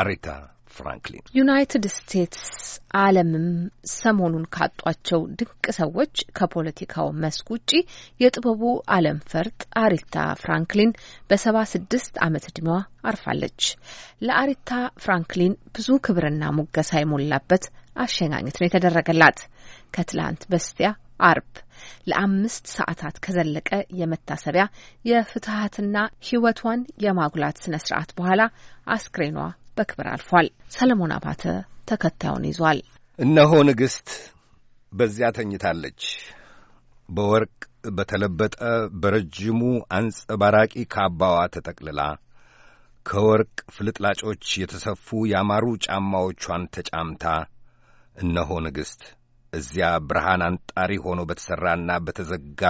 አሬታ ፍራንክሊን ዩናይትድ ስቴትስ ዓለምም ሰሞኑን ካጧቸው ድንቅ ሰዎች ከፖለቲካው መስክ ውጪ የጥበቡ ዓለም ፈርጥ አሪታ ፍራንክሊን በሰባ ስድስት ዓመት ዕድሜዋ አርፋለች። ለአሪታ ፍራንክሊን ብዙ ክብርና ሙገሳ የሞላበት አሸኛኘት ነው የተደረገላት። ከትላንት በስቲያ አርብ ለአምስት ሰዓታት ከዘለቀ የመታሰቢያ የፍትሀትና ህይወቷን የማጉላት ስነ ስርዓት በኋላ አስክሬኗ በክብር አልፏል። ሰለሞን አባተ ተከታዩን ይዟል። እነሆ ንግሥት በዚያ ተኝታለች። በወርቅ በተለበጠ በረጅሙ አንጸባራቂ ካባዋ ተጠቅልላ ከወርቅ ፍልጥላጮች የተሰፉ ያማሩ ጫማዎቿን ተጫምታ እነሆ ንግሥት እዚያ ብርሃን አንጣሪ ሆኖ በተሠራና በተዘጋ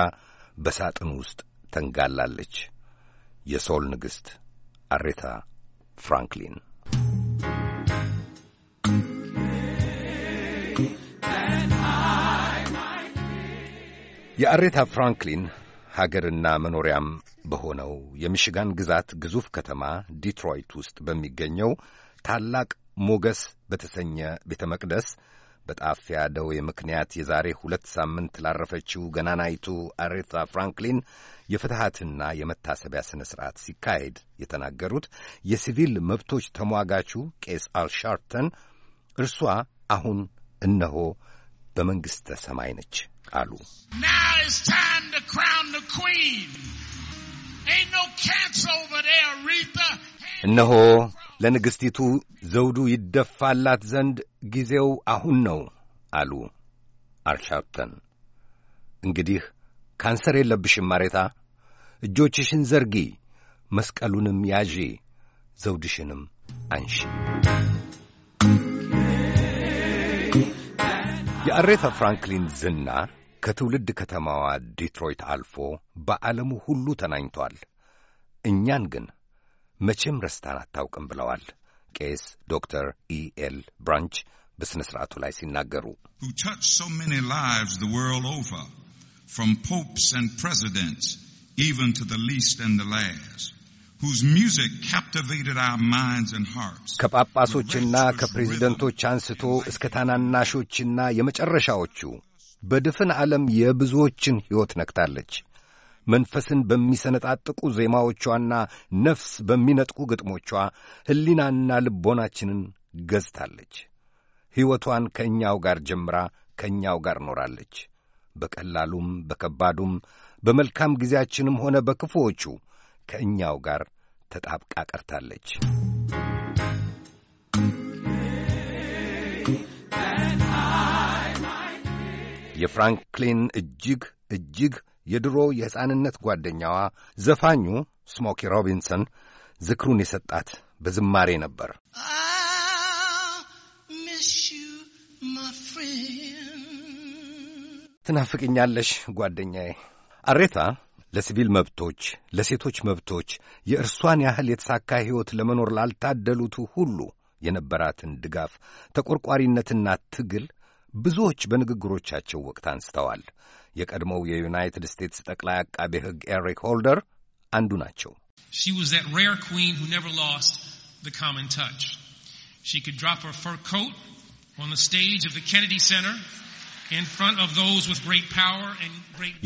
በሳጥን ውስጥ ተንጋላለች። የሶል ንግሥት አሬታ ፍራንክሊን የአሬታ ፍራንክሊን ሀገርና መኖሪያም በሆነው የሚሽጋን ግዛት ግዙፍ ከተማ ዲትሮይት ውስጥ በሚገኘው ታላቅ ሞገስ በተሰኘ ቤተ መቅደስ በጣፊያ ደዌ ምክንያት የዛሬ ሁለት ሳምንት ላረፈችው ገናናይቱ አሬታ ፍራንክሊን የፍትሐትና የመታሰቢያ ሥነ ሥርዓት ሲካሄድ የተናገሩት የሲቪል መብቶች ተሟጋቹ ቄስ አልሻርተን እርሷ አሁን እነሆ በመንግሥተ ሰማይ ነች አሉ። እነሆ ለንግሥቲቱ ዘውዱ ይደፋላት ዘንድ ጊዜው አሁን ነው አሉ አርሻፕተን። እንግዲህ ካንሰር የለብሽም ማሬታ፣ እጆችሽን ዘርጊ፣ መስቀሉንም ያዢ፣ ዘውድሽንም አንሺ። የአሬታ ፍራንክሊን ዝና ከትውልድ ከተማዋ ዲትሮይት አልፎ በዓለሙ ሁሉ ተናኝቷል። እኛን ግን መቼም ረስታን አታውቅም ብለዋል ቄስ ዶክተር ኢኤል ብራንች በሥነ ሥርዓቱ ላይ ሲናገሩ ከጳጳሶችና ከፕሬዚደንቶች አንስቶ እስከ ታናናሾችና የመጨረሻዎቹ በድፍን ዓለም የብዙዎችን ሕይወት ነክታለች። መንፈስን በሚሰነጣጥቁ ዜማዎቿና ነፍስ በሚነጥቁ ግጥሞቿ ሕሊናና ልቦናችንን ገዝታለች። ሕይወቷን ከእኛው ጋር ጀምራ ከእኛው ጋር ኖራለች። በቀላሉም በከባዱም በመልካም ጊዜያችንም ሆነ በክፉዎቹ ከእኛው ጋር ተጣብቃ ቀርታለች። የፍራንክሊን እጅግ እጅግ የድሮ የሕፃንነት ጓደኛዋ ዘፋኙ ስሞኪ ሮቢንሰን ዝክሩን የሰጣት በዝማሬ ነበር። ትናፍቅኛለሽ ጓደኛዬ። አሬታ ለሲቪል መብቶች፣ ለሴቶች መብቶች የእርሷን ያህል የተሳካ ሕይወት ለመኖር ላልታደሉት ሁሉ የነበራትን ድጋፍ፣ ተቆርቋሪነትና ትግል ብዙዎች በንግግሮቻቸው ወቅት አንስተዋል። የቀድሞው የዩናይትድ ስቴትስ ጠቅላይ አቃቤ ሕግ ኤሪክ ሆልደር አንዱ ናቸው።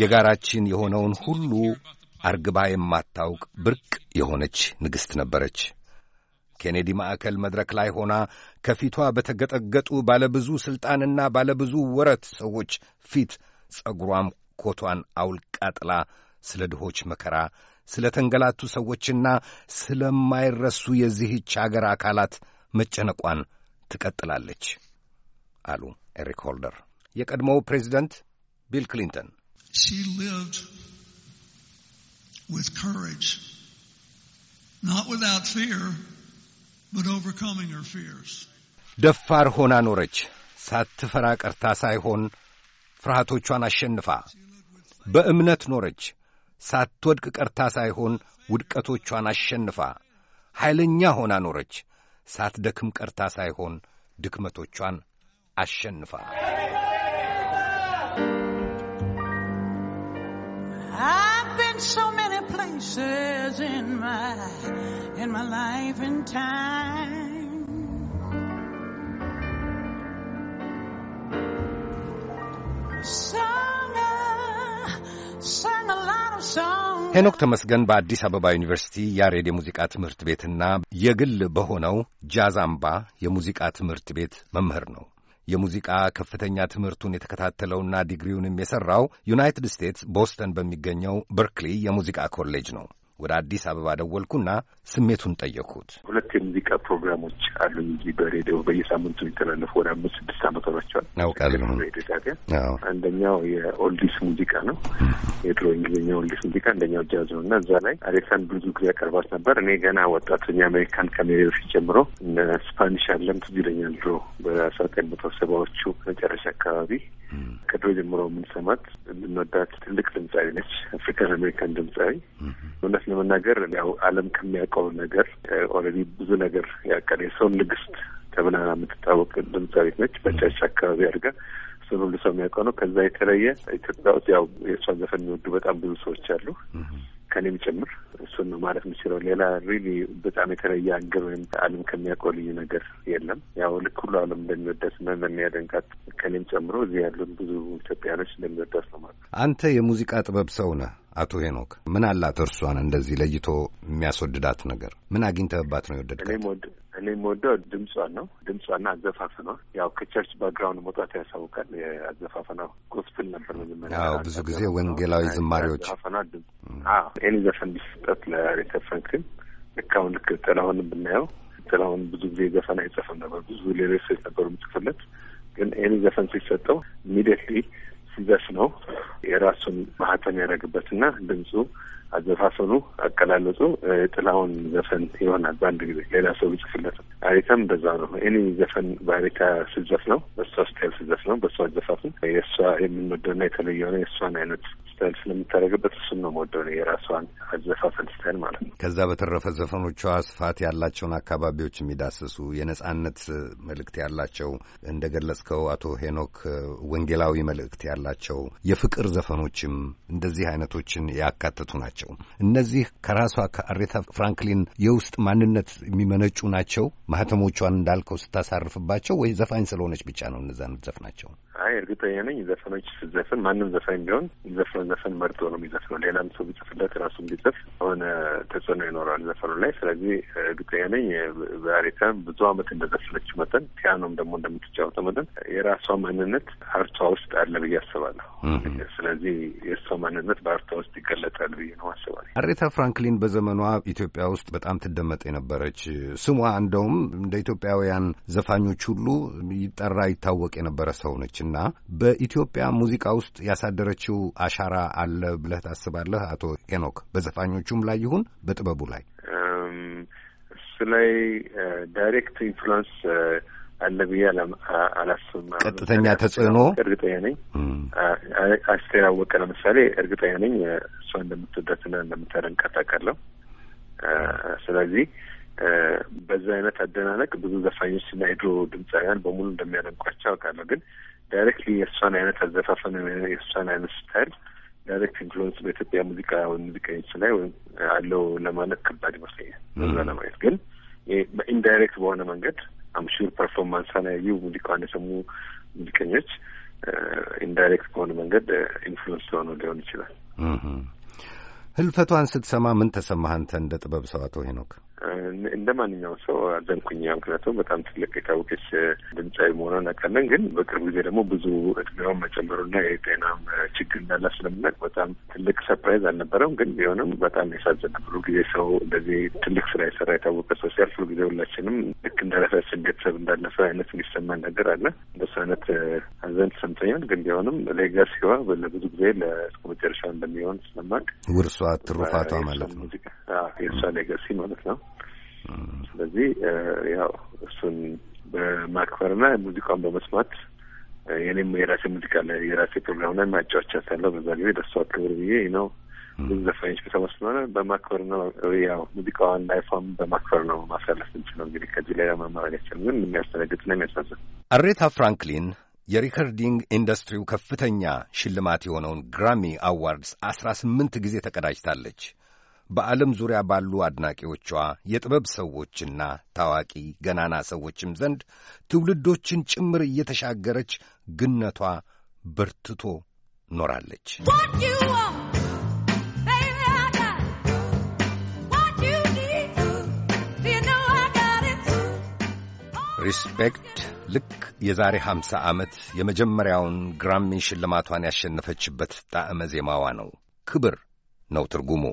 የጋራችን የሆነውን ሁሉ አርግባ የማታውቅ ብርቅ የሆነች ንግሥት ነበረች። በኬኔዲ ማዕከል መድረክ ላይ ሆና ከፊቷ በተገጠገጡ ባለብዙ ሥልጣንና ባለብዙ ወረት ሰዎች ፊት ጸጉሯም ኮቷን አውልቃ ጥላ ስለ ድሆች መከራ፣ ስለ ተንገላቱ ሰዎችና ስለማይረሱ የዚህች አገር አካላት መጨነቋን ትቀጥላለች አሉ ኤሪክ ሆልደር የቀድሞው ፕሬዚደንት ቢል ክሊንተን። She ደፋር ሆና ኖረች። ሳትፈራ ቀርታ ሳይሆን ፍርሃቶቿን አሸንፋ በእምነት ኖረች። ሳትወድቅ ቀርታ ሳይሆን ውድቀቶቿን አሸንፋ ኃይለኛ ሆና ኖረች። ሳትደክም ቀርታ ሳይሆን ድክመቶቿን አሸንፋ I've been so many places in my in my life and time sung a, sung a lot of songs ሄኖክ ተመስገን በአዲስ አበባ ዩኒቨርሲቲ ያሬድ የሙዚቃ ትምህርት ቤትና የግል በሆነው ጃዛምባ የሙዚቃ ትምህርት ቤት መምህር ነው። የሙዚቃ ከፍተኛ ትምህርቱን የተከታተለውና ዲግሪውንም የሠራው ዩናይትድ ስቴትስ ቦስተን በሚገኘው በርክሊ የሙዚቃ ኮሌጅ ነው። ወደ አዲስ አበባ ደወልኩና ስሜቱን ጠየቅኩት። ሁለት የሙዚቃ ፕሮግራሞች አሉ እንጂ በሬዲዮ በየሳምንቱ የሚተላለፉ ወደ አምስት ስድስት ዓመት ሆናቸዋል። አውቃለሁ። ሬዲዮ ጣቢያ አንደኛው የኦልዲስ ሙዚቃ ነው፣ የድሮ እንግሊዝኛ ኦልዲስ ሙዚቃ፣ አንደኛው ጃዝ ነው እና እዛ ላይ አሌክሳንድ ብዙ ጊዜ ያቀርባት ነበር። እኔ ገና ወጣት የአሜሪካን ከሜሬ በፊት ጀምሮ ስፓኒሽ አለም ትዝ ይለኛል ድሮ በአስራ ዘጠኝ መቶ ሰባዎቹ መጨረሻ አካባቢ ከድሮ ጀምሮ የምንሰማት የምንወዳት ትልቅ ድምፃዊ ነች። አፍሪካን አሜሪካን ድምፃዊ እውነት ለመናገር ያው ዓለም ከሚያውቀው ነገር ኦልሬዲ ብዙ ነገር ያቀደ የሰውን ንግስት ተብላ የምትታወቅ ድምፃዊት ነች። በቻች አካባቢ አድርጋ እሱን ሁሉ ሰው የሚያውቀው ነው። ከዛ የተለየ ኢትዮጵያ ውስጥ ያው የእሷን ዘፈን የሚወዱ በጣም ብዙ ሰዎች አሉ ከኔም ጭምር እሱን ነው ማለት የምችለው። ሌላ ሪሊ በጣም የተለየ አገር ወይም ዓለም ከሚያውቀው ልዩ ነገር የለም። ያው ልክ ሁሉ ዓለም እንደሚወዳት እና እንደሚያደንቃት ከኔም ጨምሮ እዚህ ያሉን ብዙ ኢትዮጵያኖች እንደሚወዳት ነው ማለት። አንተ የሙዚቃ ጥበብ ሰው ነህ አቶ ሄኖክ፣ ምን አላት እርሷን እንደዚህ ለይቶ የሚያስወድዳት ነገር? ምን አግኝተህባት ነው የወደድከው? እኔ የምወደው ድምጿን ነው። ድምጿና አዘፋፈኗ ያው ከቸርች ባክግራውንድ መውጣት ያሳውቃል። የአዘፋፈኗ ጎስፕል ነበር መጀመሪያ። አዎ ብዙ ጊዜ ወንጌላዊ ዝማሪዎች አዘፋፈኗ ድምፅ ኤኒ ዘፈን ቢሰጠት ለአሬተ ፍራንክሊን ልክ ልክ ጥላሁንም ብናየው ጥላሁን ብዙ ጊዜ ዘፈን አይጽፍም ነበር። ብዙ ሌሎች ሰዎች ነበሩ የምጽፍለት፣ ግን ኤኒ ዘፈን ሲሰጠው ኢሚዲየትሊ ሲዘፍነው የራሱን ማህተም ያደረግበትና ድምፁ አዘፋፈኑ፣ አቀላለጹ ጥላሁን ዘፈን ይሆናል። በአንድ ጊዜ ሌላ ሰው ብጽፍለት አሪታም በዛ ነው። እኔ ዘፈን በአሪታ ስዘፍ ነው፣ በእሷ ስታይል ስዘፍ ነው። በእሷ አዘፋፍን የእሷ የምንወደውና የተለየ ሆነ የእሷን አይነት ስታይል ስለምታደርግበት እሱም ነው መወደው ነው የራሷን አዘፋፈን ስታይል ማለት ነው። ከዛ በተረፈ ዘፈኖቿ ስፋት ያላቸውን አካባቢዎች የሚዳስሱ የነጻነት መልእክት ያላቸው እንደ ገለጽከው አቶ ሄኖክ ወንጌላዊ መልእክት ያላቸው የፍቅር ዘፈኖችም እንደዚህ አይነቶችን ያካተቱ ናቸው። ናቸው። እነዚህ ከራሷ ከአሬታ ፍራንክሊን የውስጥ ማንነት የሚመነጩ ናቸው። ማህተሞቿን እንዳልከው ስታሳርፍባቸው ወይ ዘፋኝ ስለሆነች ብቻ ነው እነዛን ዘፍ ናቸው አይ እርግጠኛ ነኝ ዘፈኖች ስዘፍን ማንም ዘፈን ቢሆን የሚዘፍነው ዘፈን መርጦ ነው የሚዘፍነው። ሌላም ሰው ቢጽፍለት ራሱ ቢጽፍ የሆነ ተጽዕኖ ይኖረዋል ዘፈኑ ላይ። ስለዚህ እርግጠኛ ነኝ በአሪታም ብዙ አመት እንደዘፈነችው መጠን ፒያኖም ደግሞ እንደምትጫወተው መጠን የራሷ ማንነት አርቷ ውስጥ አለ ብዬ አስባለሁ። ስለዚህ የእሷ ማንነት በአርቷ ውስጥ ይገለጣል ብዬ ነው አስባለሁ። አሬታ ፍራንክሊን በዘመኗ ኢትዮጵያ ውስጥ በጣም ትደመጥ የነበረች ስሟ እንደውም እንደ ኢትዮጵያውያን ዘፋኞች ሁሉ ይጠራ ይታወቅ የነበረ ሰው ነች እና በኢትዮጵያ ሙዚቃ ውስጥ ያሳደረችው አሻራ አለ ብለህ ታስባለህ? አቶ ኤኖክ በዘፋኞቹም ላይ ይሁን በጥበቡ ላይ እሱ ላይ ዳይሬክት ኢንፍሉንስ አለ ብዬ አላስብም። ቀጥተኛ ተጽዕኖ እርግጠኛ ነኝ። አስቴር አወቀ ለምሳሌ እርግጠኛ ነኝ እሷ እንደምትወዳትና እንደምታደንቃት አውቃለሁ። ስለዚህ በዛ አይነት አደናነቅ ብዙ ዘፋኞች እና የድሮ ድምፃውያን በሙሉ እንደሚያደንቋቸው አውቃለሁ። ግን ዳይሬክትሊ የእሷን አይነት አዘፋፈን የእሷን አይነት ስታይል ዳይሬክት ኢንፍሉዌንስ በኢትዮጵያ ሙዚቃ ወይም ሙዚቀኞች ላይ ወይም አለው ለማለት ከባድ ይመስለኛል። በዛ ለማየት ግን በኢንዳይሬክት በሆነ መንገድ አምሹር ፐርፎርማንሷን ያዩ ሙዚቃዋን የሰሙ ሙዚቀኞች ኢንዳይሬክት በሆነ መንገድ ኢንፍሉዌንስ ሆኖ ሊሆን ይችላል። ህልፈቷን ስትሰማ ምን ተሰማህ አንተ እንደ ጥበብ ሰው አቶ ሄኖክ? እንደ ማንኛውም ሰው አዘንኩኝ። ምክንያቱም በጣም ትልቅ የታወቀች ድምፃዊ መሆኗን አውቃለን። ግን በቅርብ ጊዜ ደግሞ ብዙ እድሜዋን መጨመሩና የጤናም ችግር እንዳለ ስለምናውቅ በጣም ትልቅ ሰርፕራይዝ አልነበረም። ግን ቢሆንም በጣም ያሳዝን ብሉ ጊዜ ሰው እንደዚህ ትልቅ ስራ የሰራ የታወቀ ሰው ሲያልፍ ብሉ ጊዜ ሁላችንም ልክ እንደራሳችን ቤተሰብ እንዳለፈ አይነት የሚሰማን ነገር አለ። እንደሱ አይነት ሀዘን ሰምተኛል። ግን ቢሆንም ሌጋሲዋ ለብዙ ጊዜ ለእስከ መጨረሻ እንደሚሆን ስለማውቅ ውርሷ ትሩፋቷ ማለት ነው ሙዚቃ የእሷ ሌጋሲ ማለት ነው። ስለዚህ ያው እሱን በማክበርና ሙዚቃውን በመስማት የኔም የራሴ ሙዚቃ ላይ የራሴ ፕሮግራም ላይ ማጫወቻታለሁ። በዛ ጊዜ ለእሷ ክብር ብዬ ነው ብዙ ዘፋኞች በተመስመረ በማክበር ነው ያው ሙዚቃዋን ላይፏን በማክበር ነው ማሳለፍ እንችለው። እንግዲህ ከዚህ ላይ መማረግ አይቻልም፣ ግን የሚያስተነግጥ ነው የሚያሳዝን። አሬታ ፍራንክሊን የሪከርዲንግ ኢንዱስትሪው ከፍተኛ ሽልማት የሆነውን ግራሚ አዋርድስ አስራ ስምንት ጊዜ ተቀዳጅታለች። በዓለም ዙሪያ ባሉ አድናቂዎቿ የጥበብ ሰዎችና ታዋቂ ገናና ሰዎችም ዘንድ ትውልዶችን ጭምር እየተሻገረች ግነቷ በርትቶ ኖራለች። oh, ሪስፔክት ልክ የዛሬ 50 ዓመት የመጀመሪያውን ግራሚ ሽልማቷን ያሸነፈችበት ጣዕመ ዜማዋ ነው። ክብር ነው ትርጉሙ።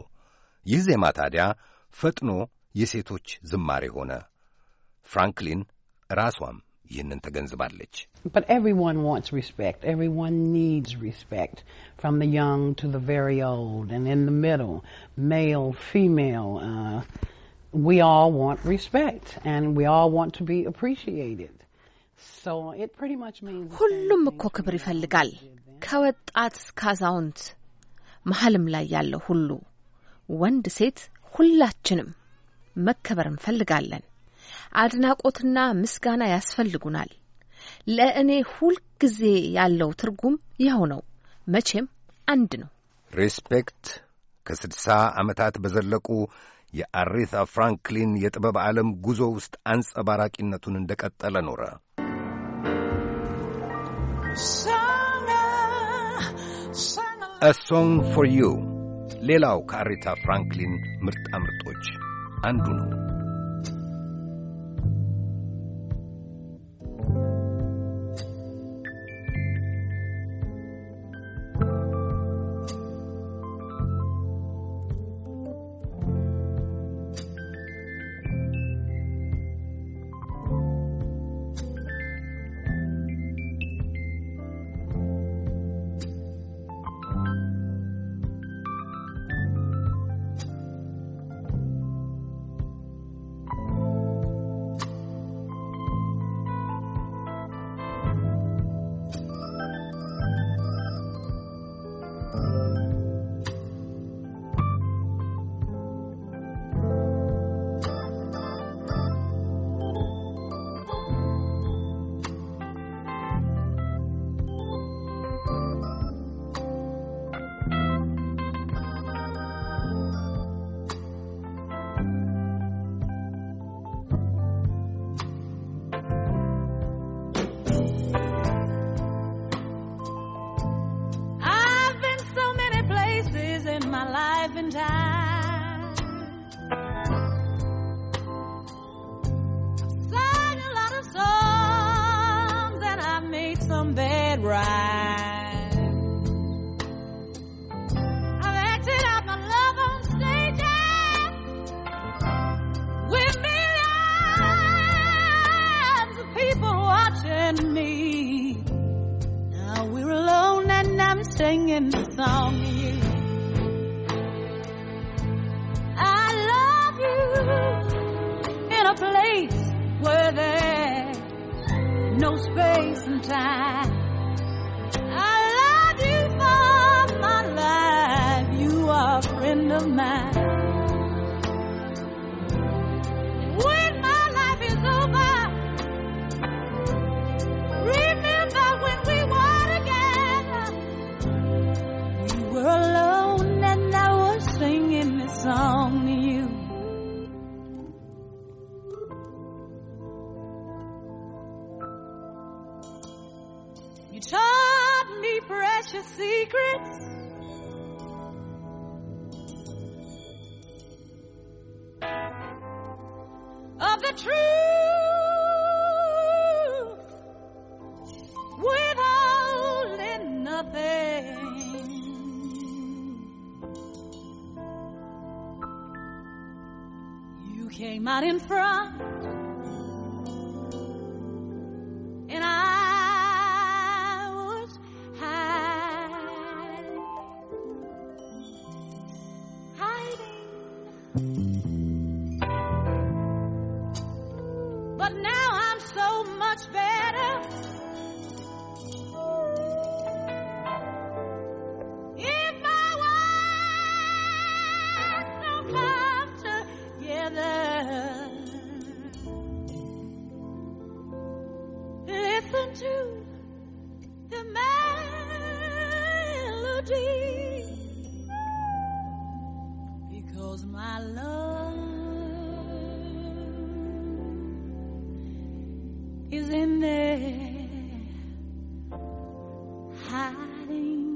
But everyone wants respect. Everyone needs respect from the young to the very old and in the middle, male, female. Uh, we all want respect and we all want to be appreciated. So it pretty much means ሁሉም እኮ ክብር ይፈልጋል ከወጣት እስከ አዛውንት መሀልም ላይ ያለው ሁሉ ወንድ፣ ሴት ሁላችንም መከበር እንፈልጋለን። አድናቆትና ምስጋና ያስፈልጉናል። ለእኔ ሁልጊዜ ያለው ትርጉም ይኸው ነው። መቼም አንድ ነው። ሬስፔክት ከስድሳ ዓመታት በዘለቁ የአሬታ ፍራንክሊን የጥበብ ዓለም ጉዞ ውስጥ አንጸባራቂነቱን እንደ ቀጠለ ኖረ። A Song for You ሌላው ከአሬታ ፍራንክሊን ምርጣ ምርጦች አንዱ ነው። secrets. Of the truth without in nothing. You came out in front. thank you there hiding.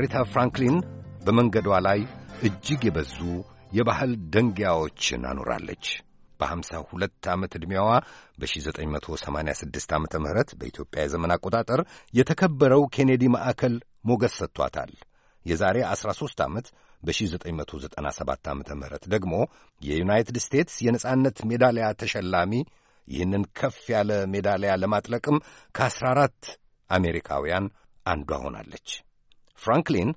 ሪታ ፍራንክሊን በመንገዷ ላይ እጅግ የበዙ የባህል ደንጊያዎችን አኖራለች። በሐምሳ ሁለት ዓመት ዕድሜዋ በ1986 ዓ ም በኢትዮጵያ የዘመን አቆጣጠር የተከበረው ኬኔዲ ማዕከል ሞገስ ሰጥቷታል። የዛሬ 13 ዓመት በ1997 ዓ ም ደግሞ የዩናይትድ ስቴትስ የነጻነት ሜዳሊያ ተሸላሚ ይህንን ከፍ ያለ ሜዳሊያ ለማጥለቅም ከ14 አሜሪካውያን አንዷ ሆናለች። ፍራንክሊን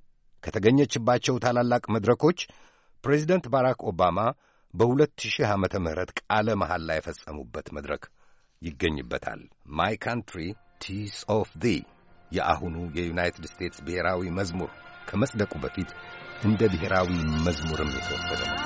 ከተገኘችባቸው ታላላቅ መድረኮች ፕሬዚደንት ባራክ ኦባማ በ2000 ዓመተ ምህረት ቃለ ላይ የፈጸሙበት መድረክ ይገኝበታል። ማይ ካንትሪ ቲስ ኦፍ ዲ የአሁኑ የዩናይትድ ስቴትስ ብሔራዊ መዝሙር ከመጽደቁ በፊት እንደ ብሔራዊ መዝሙርም የተወሰደ ነው።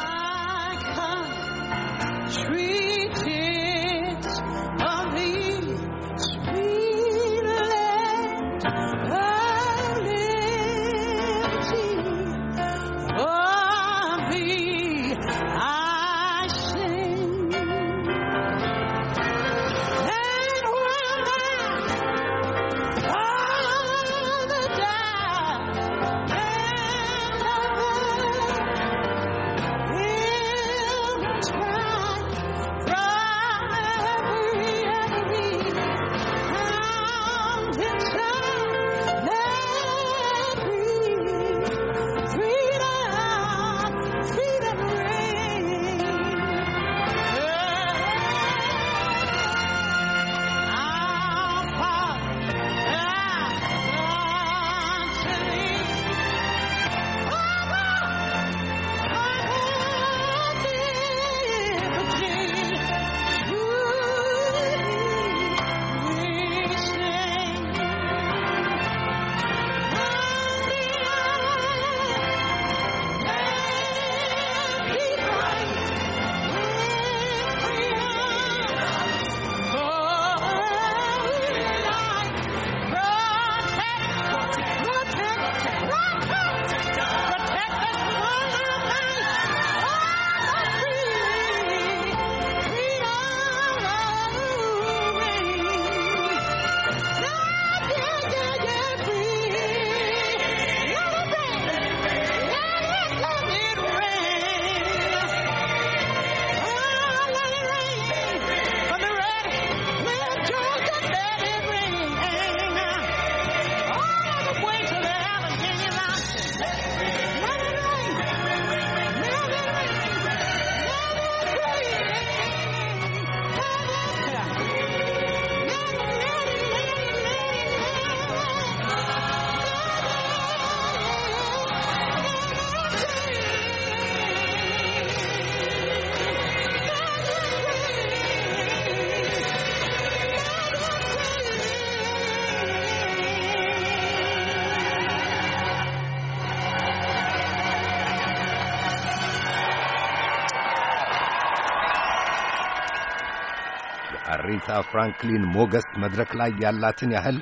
አሪታ ፍራንክሊን ሞገስ መድረክ ላይ ያላትን ያህል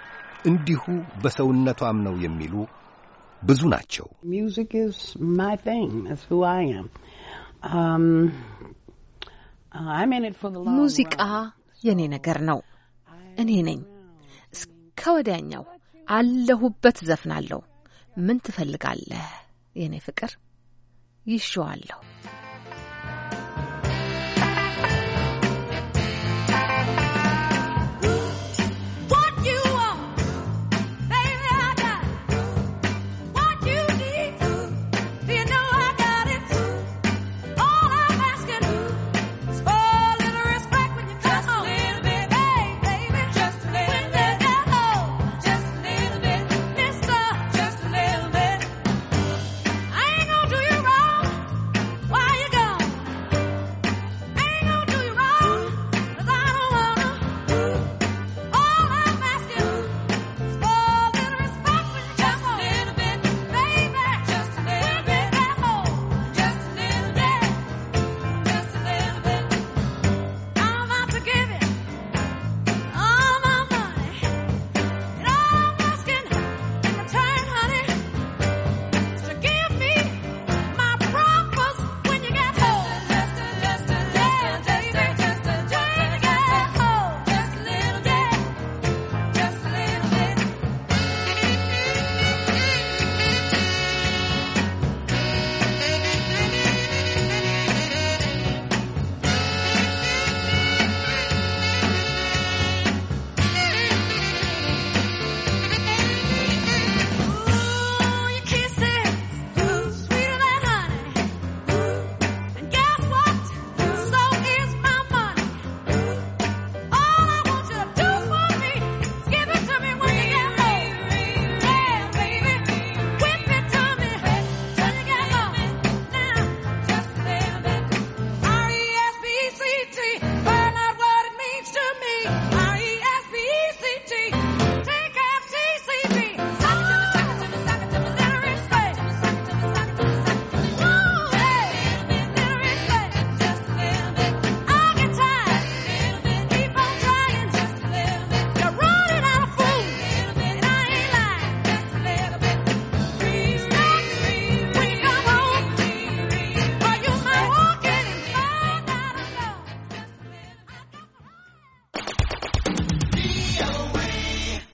እንዲሁ በሰውነቷም ነው የሚሉ ብዙ ናቸው። um, ሙዚቃ የኔ ነገር ነው። እኔ ነኝ። እስከ ወዲያኛው አለሁበት ዘፍናለሁ። ምን ትፈልጋለህ የእኔ ፍቅር ይሸዋለሁ።